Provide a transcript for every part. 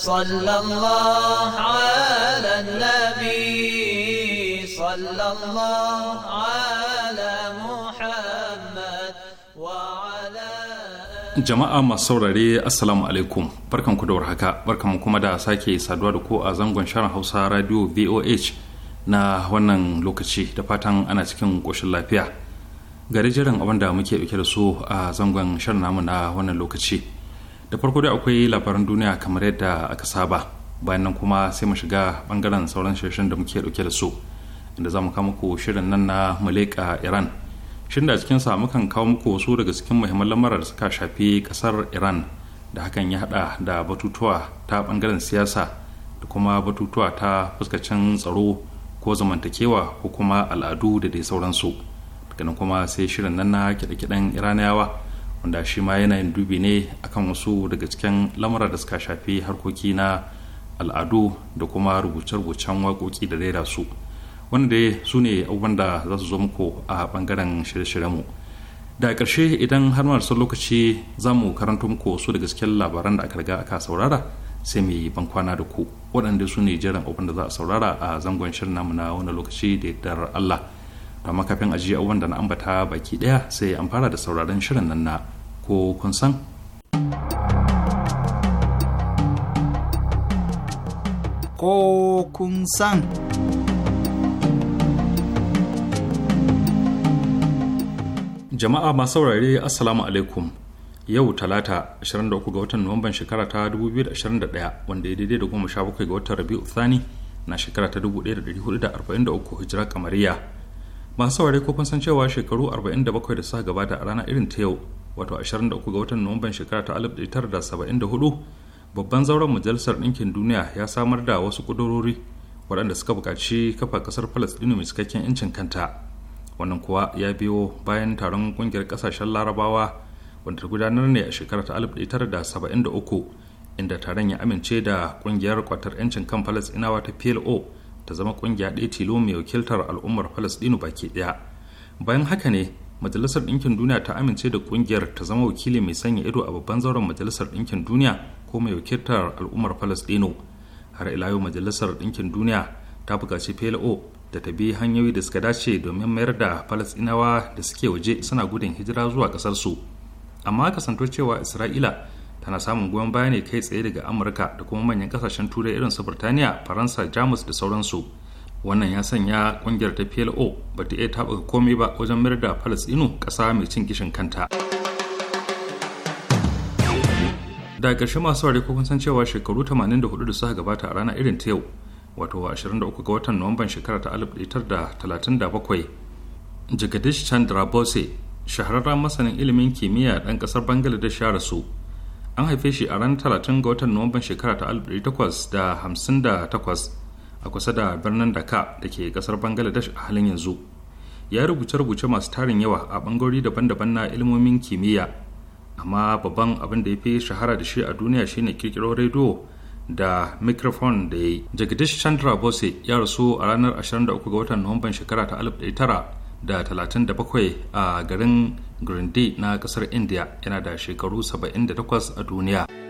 صلى الله على النبي صلى الله على محمد وعلى jama'a masu saurare assalamu alaikum ku da warhaka mu kuma da sake saduwa da ku a zangon sharan hausa radio voh na wannan lokaci da fatan ana cikin ƙoshin lafiya gari jiran abin da muke dauke da su a zangon shirin namu na wannan lokaci da farko dai akwai labaran duniya kamar yadda aka saba bayan nan kuma sai mu shiga bangaren sauran shirin da muke dauke da su inda za mu kawo muku shirin nan na maleka iran shirin da cikin sa mukan kawo muku wasu daga cikin muhimman lamarar da suka shafi kasar iran da hakan ya hada da batutuwa ta bangaren siyasa da kuma batutuwa ta fuskacin tsaro ko zamantakewa ko kuma al'adu da dai sauransu daga nan kuma sai shirin nan na kiɗe-kiɗen iraniyawa wanda shi ma yanayin dubi ne akan wasu daga cikin lamura da suka shafi harkoki na al'adu da kuma rubuce-rubucen waƙoƙi da raira su wanda su ne abubuwan da za su zo muku a ɓangaren shirye-shiryenmu da ƙarshe idan har son lokaci za mu karanta muku su daga cikin labaran da aka riga aka saurara sai mu yi bankwana da ku waɗanda su ne jiran abubuwan da za a saurara a zangon shirin namu na wani lokaci da yardar Allah. amma kafin ajiye abubuwan da na ambata baki daya sai an fara da sauraron shirin nan na ko kun san ko kun san jama'a masu saurare assalamu alaikum yau talata 23 ga watan nuwamban shekara ta 2021 wanda ya daidai da 17 ga watan rabi'u thani na shekara ta 1443 hijira kamariya masu saurare ko san cewa shekaru 47 da suka gabata a rana irin ta yau wato 23 ga watan nuwamban shekara ta 1974 babban zauren majalisar ɗinkin duniya ya samar da wasu ƙudurori waɗanda suka buƙaci kafa ƙasar palestino mai cikakken 'yancin kanta wannan kuwa ya biyo bayan taron ƙungiyar ƙasashen larabawa wanda gudanar ne a shekara ta 1973 inda taron ya amince da ƙungiyar kwatar 'yancin kan palestinawa ta plo ta zama kungiya ɗaya tilo mai wakiltar al'ummar falastinu baki ɗaya bayan haka ne majalisar ɗinkin duniya ta amince da kungiyar ta zama wakili mai sanya ido a babban zauren majalisar ɗinkin duniya ko mai wakiltar al'ummar falasɗinu har ila yau majalisar ɗinkin duniya ta buƙaci plo da ta bi hanyoyi da suka dace domin mayar da falasɗinawa da suke waje suna gudun hijira zuwa ƙasarsu amma kasanto cewa isra'ila tana samun goyon baya ne kai tsaye daga amurka da kuma manyan kasashen turai irin su birtaniya faransa jamus da sauransu wannan ya sanya kungiyar ta plo ba ta iya taɓa komai ba wajen mayar da palestino ƙasa mai cin gishin kanta da ƙarshe masu ware kun san cewa shekaru 84 da suka gabata a ranar irin ta yau wato 23 ga watan nuwamban shekara ta 1937 jagadish chandra bose shahararren masanin ilimin kimiyya ɗan ƙasar bangaladesh ya rasu an haife shi a ran 30 ga watan nuwamban shekara ta 1858 a kusa da birnin daka da ke kasar bangladesh a halin yanzu ya rubuce-rubuce masu tarin yawa a bangarori daban-daban na ilmomin kimiyya amma babban abin da ya fi shahara da shi a duniya shine kirkiro rediyo da microphone da ya yi jagadish chandra bose ya rasu a ranar 23 ga watan nuwamban shekara ta 1900 da 37 a garin grindy na kasar India yana da shekaru 78 a duniya.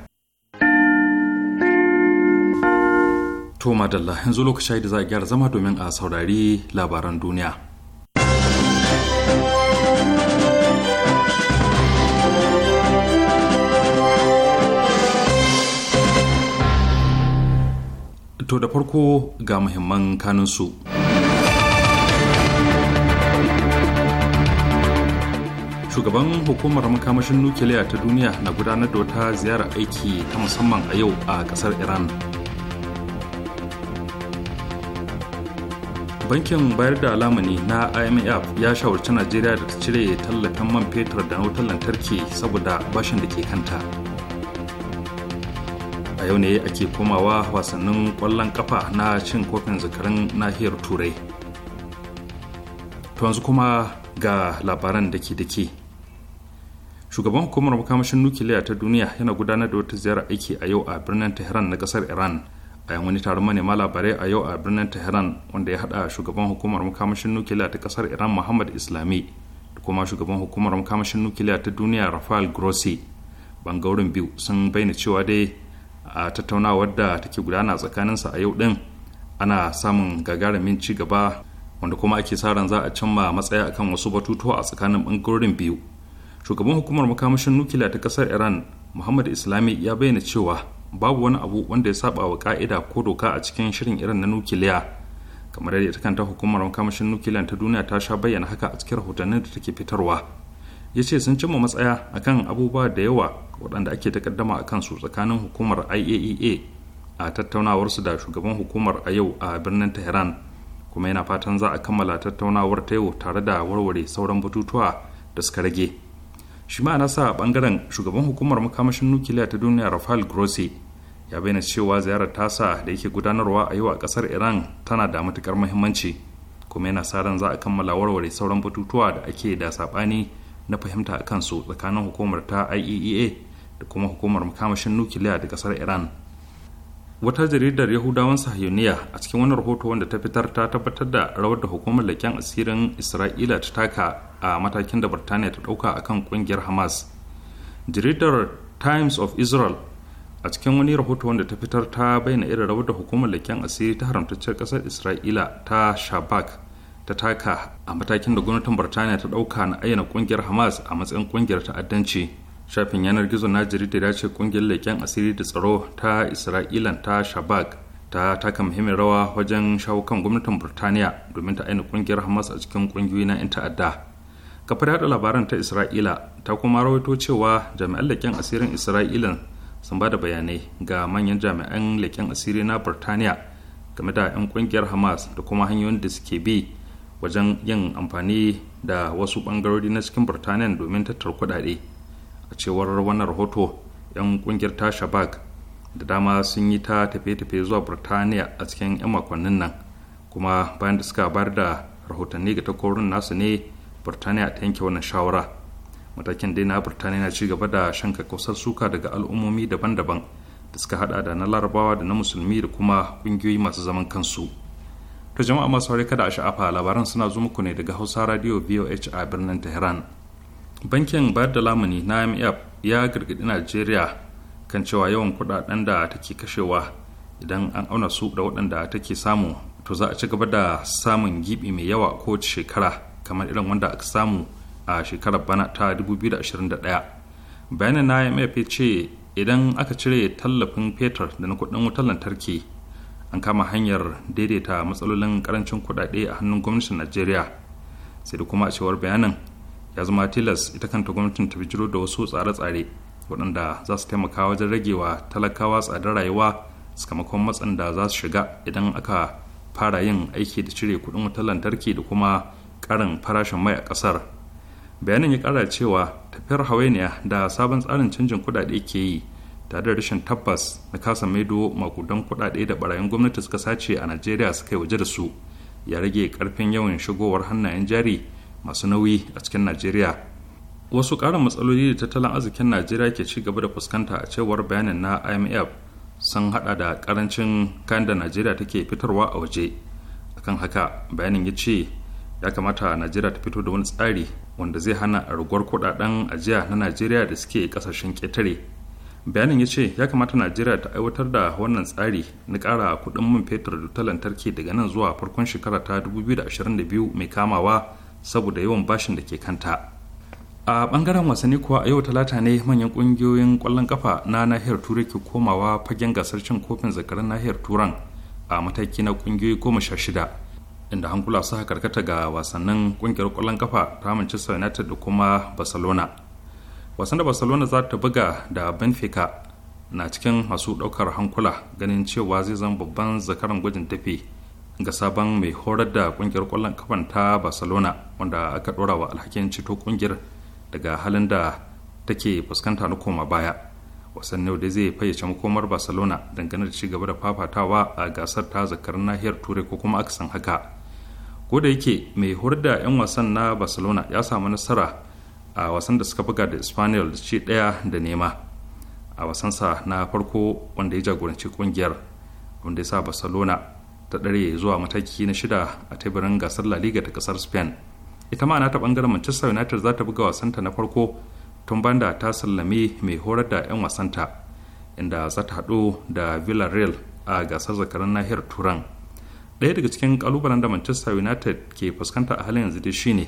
To madalla yanzu lokaci da za a gyara zama domin a saurari labaran duniya. To da farko ga muhimman kanunsu. Shugaban hukumar makamashin nukiliya ta duniya na gudanar da wata ziyarar aiki ta musamman a yau a ƙasar Iran. bankin bayar da lamuni na imf ya shawarci najeriya da ta cire tallafin man fetur da wutar lantarki saboda bashin da ke kanta a yau ne ake komawa wasannin kwallon kafa na cin kofin zakarin nahiyar turai to yanzu kuma ga labaran da ke da ke shugaban hukumar makamashin nukiliya ta duniya yana gudanar da wata ziyarar aiki a yau a birnin tehran na kasar iran yayin wani taron manema labarai a yau a birnin tehran wanda ya hada shugaban hukumar makamashin nukiliya ta kasar iran muhammad islami da kuma shugaban hukumar makamashin nukiliya ta duniya rafael grossi bangaren biyu sun bayyana cewa dai a tattaunawar da take gudana tsakanin tsakaninsa a yau din ana samun gagarumin ci gaba wanda kuma ake sa ran za a cimma matsaya akan wasu batutuwa a tsakanin bangaren biyu shugaban hukumar makamashin nukiliya ta kasar iran muhammad islami ya bayyana cewa babu wani abu wanda ya saba wa ka'ida ko doka a cikin shirin irin na nukiliya kamar yadda ita kanta hukumar makamashin nukiliya ta duniya ta sha bayyana haka a cikin rahotannin da take fitarwa ya ce sun cimma matsaya akan abubuwa da yawa waɗanda ake takaddama a kansu tsakanin hukumar iaea e a tattaunawarsu da shugaban hukumar a yau a birnin tehran kuma yana fatan za a kammala tattaunawar ta yau tare da warware sauran batutuwa da suka rage shi ma sa a bangaren shugaban hukumar makamashin nukiliya ta duniya rafael grossi ya bayyana cewa ziyarar tasa da yake gudanarwa a yau a kasar iran tana da matukar muhimmanci kuma yana sa ran za a kammala warware sauran batutuwa da ake da sabani na fahimta a kansu tsakanin hukumar ta iea e da kuma hukumar makamashin nukiliya da kasar iran wata jaridar yahudawan sahiyoniya a cikin wani rahoto wanda ta fitar ta tabbatar da rawar da hukumar leƙen asirin isra'ila ta taka a matakin da birtaniya ta ɗauka akan ƙungiyar hamas jaridar times of israel a cikin wani rahoto wanda ta fitar ta bayyana irin rawar da hukumar leken asiri ta haramtaccen kasar isra'ila ta shabak ta taka a matakin da gwamnatin birtaniya ta ɗauka na ayyana ƙungiyar hamas a matsayin ƙungiyar ta'addanci shafin yanar gizo na jarida ya ce kungiyar leken asiri da tsaro ta isra'ilan ta shabak ta taka muhimmin rawa wajen shawo kan gwamnatin Burtaniya domin ta ayyana ƙungiyar hamas a cikin kungiyoyi na 'yan ta'adda kafar yada labaran ta isra'ila ta kuma rawaito cewa jami'an leken asirin isra'ilan sun ba da bayanai ga manyan jami'an leken asiri na burtaniya game da 'yan ƙungiyar hamas da kuma hanyoyin da suke bi wajen yin amfani da wasu bangarori na cikin burtaniya domin tattara kudade a cewar wannan rahoto 'yan ƙungiyar ta shabak da dama sun yi ta tafiye-tafiye zuwa burtaniya a cikin 'yan makonnin nan kuma bayan da suka bayar da rahotanni ga takorin nasu ne burtaniya ta yanke wannan shawara matakin dai na birtaniya na ci gaba da shan kausar suka daga al'ummomi daban-daban da suka hada da na larabawa da na musulmi da kuma kungiyoyi masu zaman kansu to jama'a masu saurari kada a sha'afa labaran suna zo muku ne daga hausa radio voh a birnin tehran bankin bayar da lamuni na imf e ya gargadi najeriya kan cewa yawan kudaden da take kashewa idan an auna su da waɗanda take samu to za a ci gaba da samun gibi mai yawa kowace shekara kamar irin wanda aka samu a shekarar bana ta 2021 bayanin na imf ya ce idan aka cire tallafin fetur da na kudin wutar lantarki an kama hanyar daidaita matsalolin karancin kudade a hannun gwamnatin najeriya sai da kuma a cewar bayanin ya zama tilas ita kanta gwamnatin ta bijiro da wasu tsare-tsare waɗanda za su taimaka wajen ragewa talakawa tsadar rayuwa sakamakon matsan da za su shiga idan aka fara yin aiki da cire kuɗin wutar lantarki da kuma karin farashin mai a ƙasar bayanin ya kara cewa tafiyar hawainiya da sabon tsarin canjin kudade ke yi tare da rashin tabbas na kasa maido makudan kudade da barayin gwamnati suka sace a najeriya suka yi waje da su ya rage karfin yawan shigowar hannayen jari masu nauyi a cikin najeriya wasu karin matsaloli da tattalin arzikin najeriya ke ci gaba da fuskanta a cewar bayanin na imf sun hada da karancin kayan da najeriya take fitarwa a waje akan haka bayanin ya ce ya kamata najeriya ta fito da wani tsari wanda zai hana arguwar kudaden ajiya na najeriya da suke kasashen ketare bayanin ya ce ya kamata najeriya ta aiwatar da wannan tsari na kara kudin man fetur da ta lantarki daga nan zuwa farkon shekara ta 2022 mai kamawa saboda yawan bashin da ke kanta a bangaren wasanni kuwa a yau talata ne manyan kungiyoyin kwallon kafa na nahiyar turai ke komawa fagen gasar cin kofin zakarar nahiyar turan a mataki na kungiyoyi goma sha shida inda hankula haka karkata ga wasannin kungiyar kwallon kafa ta Manchester United da kuma Barcelona. Wasan da Barcelona za ta buga da Benfica na cikin masu ɗaukar hankula ganin cewa zai zama babban zakaran gwajin tafi ga sabon mai horar da kungiyar kwallon kafan ta Barcelona wanda aka ɗora wa alhakin ceto kungiyar daga halin da take fuskanta na koma baya. wasan yau da zai fayyace makomar barcelona dangane da gaba da fafatawa a gasar ta zakar nahiyar turai ko kuma aka san haka da yake mai hurda 'yan wasan na barcelona ya samu nasara a wasan da suka buga da espanyol da ci daya da nema a wasansa na farko wanda ya jagoranci kungiyar wanda ya sa barcelona ta ɗare zuwa mataki na shida a teburin gasar la liga ta kasar spain ita ma na ta bangaren manchester united za ta buga wasanta na farko tun banda ta sallame mai horar da 'yan wasanta inda za ta haɗu da villarreal a gasar zakaran nahiyar turan ɗaya daga cikin kalubalen da manchester united ke fuskanta a halin yanzu dai shine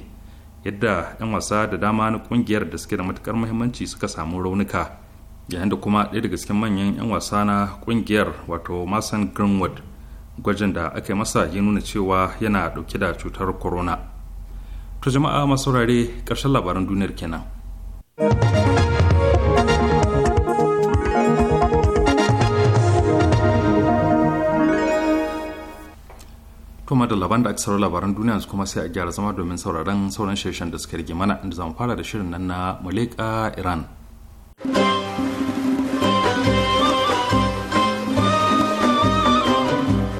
yadda 'yan wasa da dama na kungiyar da suke da matukar muhimmanci suka samu raunuka yayin da kuma ɗaya daga cikin manyan 'yan wasa na kungiyar wato mason greenwood gwajin da aka yi masa ya nuna cewa yana ɗauke da cutar corona to jama'a masu rare ƙarshen labaran duniyar kenan. To da labar da aka saurara labaran duniya su kuma sai a gyara zama domin sauraron sauran shirin da suka rige mana inda zamu fara da shirin nan na Muleka Iran.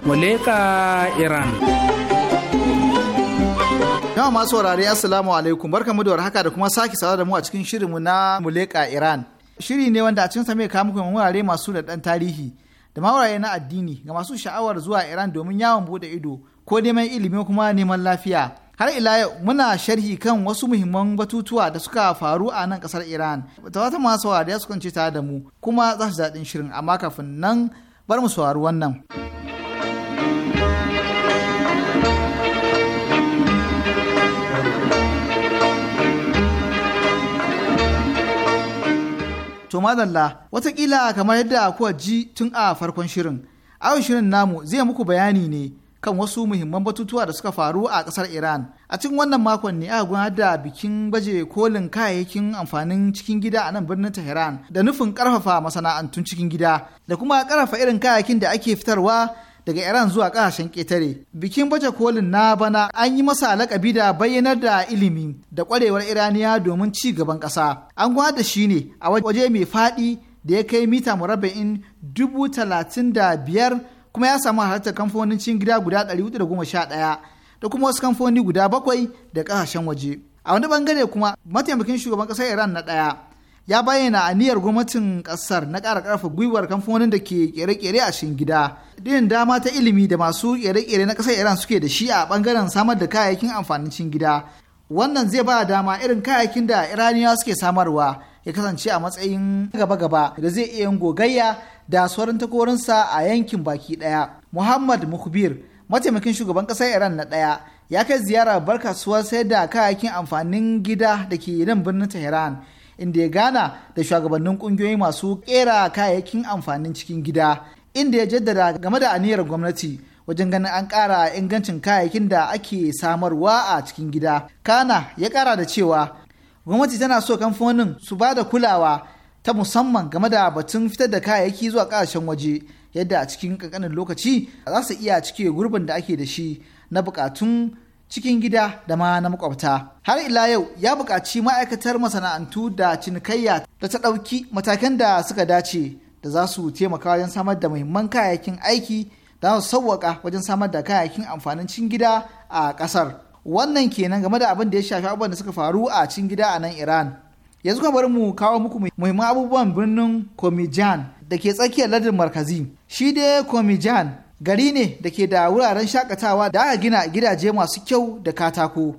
Muleka Iran. Yawa masu wurare Assalamu alaikum barkamu da warhaka da kuma sake sawa da mu a cikin shirinmu na Muleka Iran. Shiri ne wanda a cikin sa mai kawo muku wurare masu da dan tarihi da ma wurare na addini ga masu sha'awar zuwa Iran domin yawon bude ido ko neman ilimi kuma neman lafiya har ila yau muna sharhi kan wasu muhimman batutuwa da suka faru a nan kasar iran ta wata masu da ya kwanci tare da mu kuma za su daɗin shirin amma kafin nan bar mu saurari wannan. to madalla watakila kamar yadda kuwa ji tun a farkon shirin awon shirin namu zai muku bayani ne kan wasu muhimman batutuwa da suka faru a kasar Iran. A cikin wannan makon ne aka gudanar da bikin baje kolin kayayyakin amfanin cikin gida a nan birnin Tehran da nufin karfafa masana'antun cikin gida da kuma karfafa irin kayayyakin da ake fitarwa daga Iran zuwa kasashen ketare Bikin baje kolin na bana an yi masa lakabi da bayyanar da ilimi da kwarewar Iraniya domin ci gaban ƙasa. An gwada shi ne a waje mai faɗi da ya kai mita murabba'in dubu talatin da biyar kuma ya samu halartar kamfanonin cin gida guda 411 da kuma wasu kamfanoni guda bakwai da kasashen waje a wani bangare kuma mataimakin shugaban kasar iran na ɗaya ya bayyana aniyar gwamnatin kasar na ƙara ƙarfa gwiwar kamfanonin da ke kere-kere a cikin gida din dama ta ilimi da masu kere-kere na kasar iran suke da shi a bangaren samar da kayayyakin amfanin cin gida wannan zai ba dama irin kayayyakin da iraniya suke samarwa ya kasance a matsayin gaba-gaba da zai iya yin gogayya da sauran takorinsa a yankin baki ɗaya. Muhammad Mukbir, mataimakin shugaban ƙasar Iran na ɗaya, ya kai ziyara bar kasuwar sayar da kayayyakin amfanin gida da ke nan birnin Tehran, inda ya gana da shugabannin ƙungiyoyi masu ƙera kayayyakin amfanin cikin gida, inda ya jaddada game da aniyar gwamnati wajen ganin an ƙara ingancin kayayyakin da ake samarwa a cikin gida. Kana ya kara da cewa gwamnati tana so kamfanin su ba da kulawa ta musamman game da batun fitar da kayayyaki zuwa kasashen waje yadda a cikin kankanin lokaci za su iya cike gurbin da ake da shi na bukatun cikin gida da ma na makwabta. Har ila yau ya buƙaci ma'aikatar masana'antu da cinikayya da ta ɗauki matakan da suka dace da za su taimaka wajen samar da muhimman kayayyakin aiki da su sauwaƙa wajen samar da kayayyakin amfanin cikin gida a ƙasar. Wannan kenan game da abin da ya shafi abin da suka faru a cikin gida a nan Iran. yanzu kuma bari mu kawo muku muhimman abubuwan birnin komijan da ke tsakiyar ladin markazi shi dai komijan gari ne da ke da wuraren shakatawa da aka gina gidaje masu kyau da katako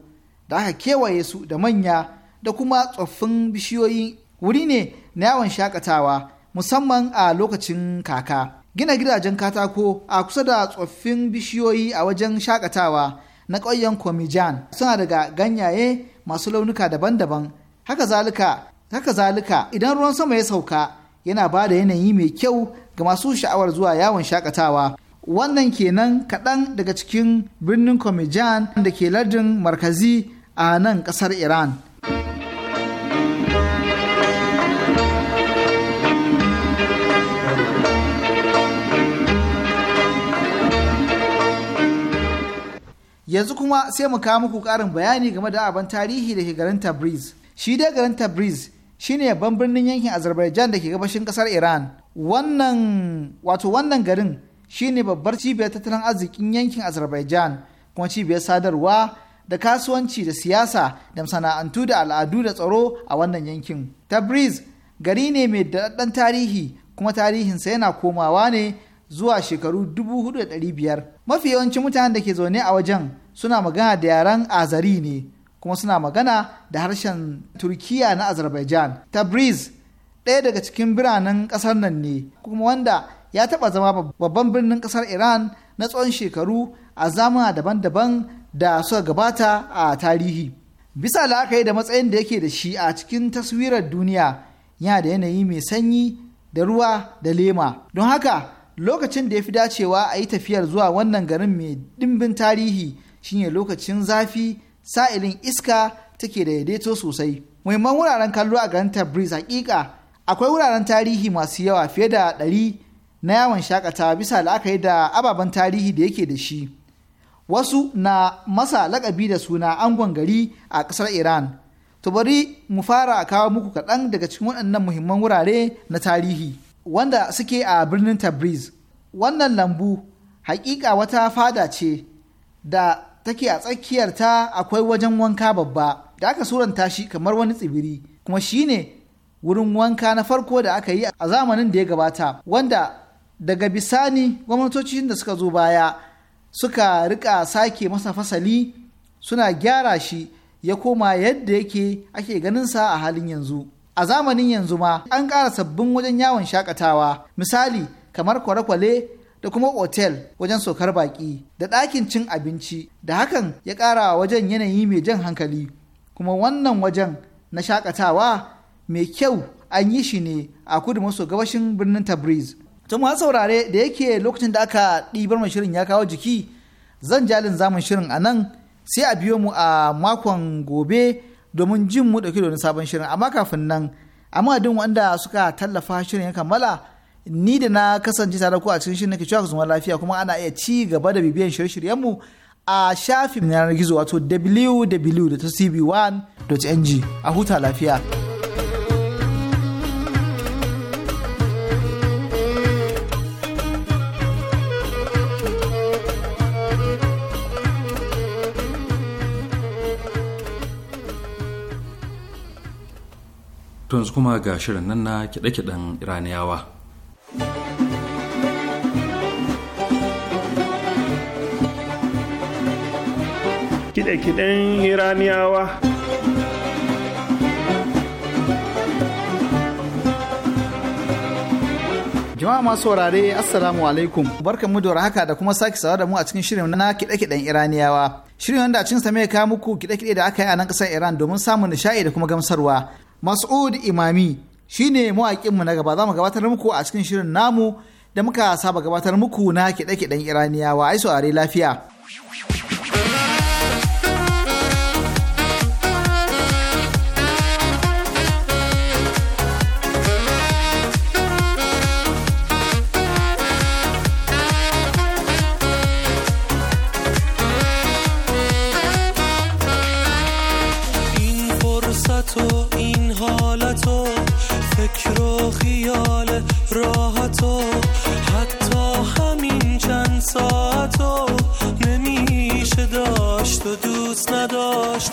da aka kewaye su da manya da kuma tsoffin bishiyoyi wuri ne na yawon shakatawa musamman a lokacin kaka gina gidajen katako a kusa da tsoffin bishiyoyi a wajen shakatawa na ƙauyen komijan suna daga ganyaye masu launuka daban-daban haka zalika haka zalika idan ruwan sama ya sauka yana ba da yanayi mai kyau ga masu sha'awar zuwa yawon shakatawa wannan kenan kaɗan daga cikin birnin komijan da ke lardin markazi a nan ƙasar iran yanzu kuma sai mu kawo muku ƙarin bayani game da abin tarihi da ke garin tabriz shi dai garin tabriz shine babban birnin yankin azerbaijan da ke gabashin kasar iran wannan wato wannan garin shine babbar cibiyar tattalin arzikin yankin azerbaijan kuma cibiyar sadarwa da kasuwanci da siyasa da masana'antu da al'adu da tsaro a wannan yankin tabriz gari ne mai daɗaɗɗen tarihi kuma tarihinsa yana komawa ne zuwa shekaru 4,500 mafi yawancin mutanen da ke zaune a wajen suna magana da yaren azari ne kuma suna magana da harshen turkiya na azerbaijan tabriz ɗaya daga cikin biranen ƙasar nan ne kuma wanda ya taɓa zama babban birnin ƙasar iran na tsawon shekaru a zamana daban-daban da suka gabata a tarihi bisa la'akari da matsayin da yake da shi a cikin taswirar duniya yana da yanayi mai sanyi da ruwa da lema don haka lokacin da ya fi dacewa a yi tafiyar zuwa wannan garin mai dimbin tarihi shine lokacin zafi sa'ilin iska take da daidaito sosai muhimman wuraren kallo a garin tabriz hakika akwai wuraren tarihi masu yawa fiye da ɗari na yawon shakatawa bisa la'akari da ababen tarihi da yake da shi wasu na masa lakabi da suna angon gari a ƙasar iran to bari mu fara kawo muku kaɗan daga cikin waɗannan muhimman wurare na tarihi wanda suke a birnin tabriz wannan lambu hakika wata fada ce da take a tsakiyarta akwai wajen wanka babba da aka suranta shi kamar wani tsibiri kuma shine wurin wanka na farko da aka yi a zamanin da ya gabata wanda daga bisani gwamnatocin da suka zo baya suka rika sake masa fasali suna gyara shi ya koma yadda yake ake ganinsa a halin yanzu a zamanin yanzu ma an ƙara sabbin wajen yawon shakatawa misali kamar kwale-kwale da kuma otel wajen sokar baƙi da ɗakin cin abinci da hakan ya ƙara wajen yanayi mai jan hankali kuma wannan wajen na shakatawa mai kyau an yi shi ne a kudu maso gabashin birnin tabriz to masu saurare da yake lokacin da aka ɗibar mai shirin ya kawo jiki zan jalin zamun shirin a nan sai a biyo mu a makon gobe domin jin mu ɗauki da sabon shirin amma kafin nan amma duk wanda suka tallafa shirin ya kammala ni da na kasance tare ku a cikin shirin nake cewa zuma lafiya kuma ana iya ci gaba da bibiyan shirye-shiryenmu a shafin yanar gizo wato www.cb1.ng a huta lafiya. yanzu kuma ga shirin nan na kiɗe-kiɗen iraniyawa Kiɗe-kiɗen Iraniyawa Jama'a masu wurare Assalamu alaikum. Barkan mu da haka da kuma sake sawa da mu a cikin shirin na kiɗe-kiɗen Iraniyawa. Shirin wanda a cikin sa mai kawo muku kiɗe-kiɗe da aka yi a nan ƙasar Iran domin samun nishaɗi da kuma gamsarwa. Mas'ud Imami Shi ne mawaƙinmu na gaba za mu gabatar muku a cikin shirin namu da muka saba gabatar muku na kiɗe-kiɗen iraniyawa ai are lafiya. دوست نداشت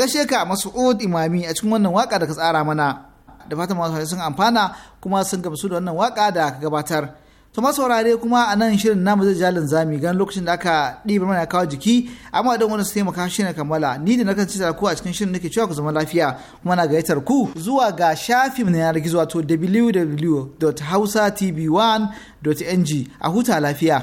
gaishe ka Mas'ud Imami a cikin wannan waka da ka tsara mana. Da fatan masu sun amfana kuma sun gamsu da wannan waka da ka gabatar. To masu saurare kuma a nan shirin namu zai jalin zami gan lokacin da aka ɗiba mana kawo jiki amma don wani su taimaka shi ne kammala ni da nakan ci ku a cikin shirin nake cewa ku zama lafiya kuma na gayyatar ku zuwa ga shafin na yanar gizo wato www.hausatv1.ng a huta lafiya.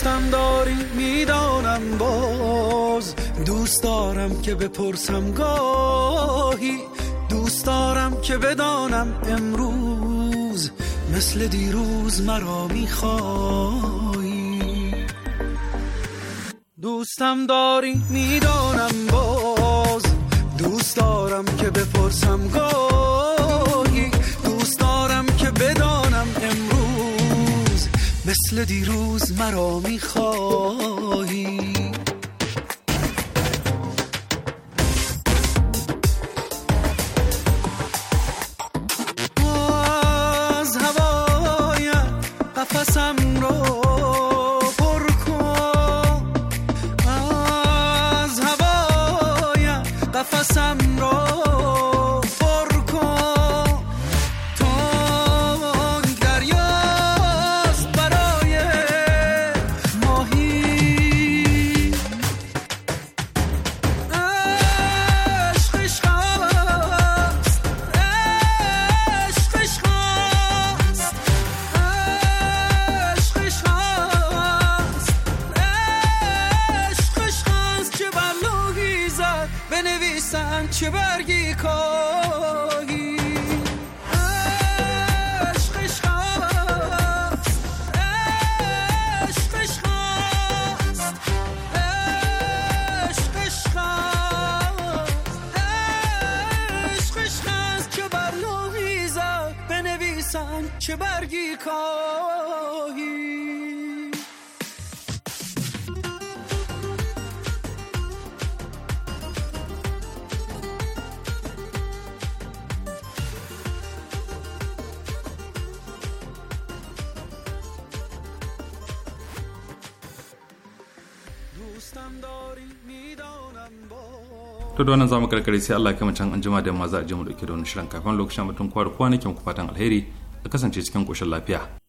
دوستم داری میدانم باز دوست دارم که بپرسم گاهی دوست دارم که بدانم امروز مثل دیروز مرا میخوای دوستم داری میدانم باز دوست دارم که بپرسم گاهی مثل دیروز مرا میخواهی نکاهی to da wannan zamu karkare sai Allah ya kama can anjima da maza a je mu dauke da wani shirin kafin lokacin mutum kwar kwanakin ku fatan alheri kasance cikin ƙoshin lafiya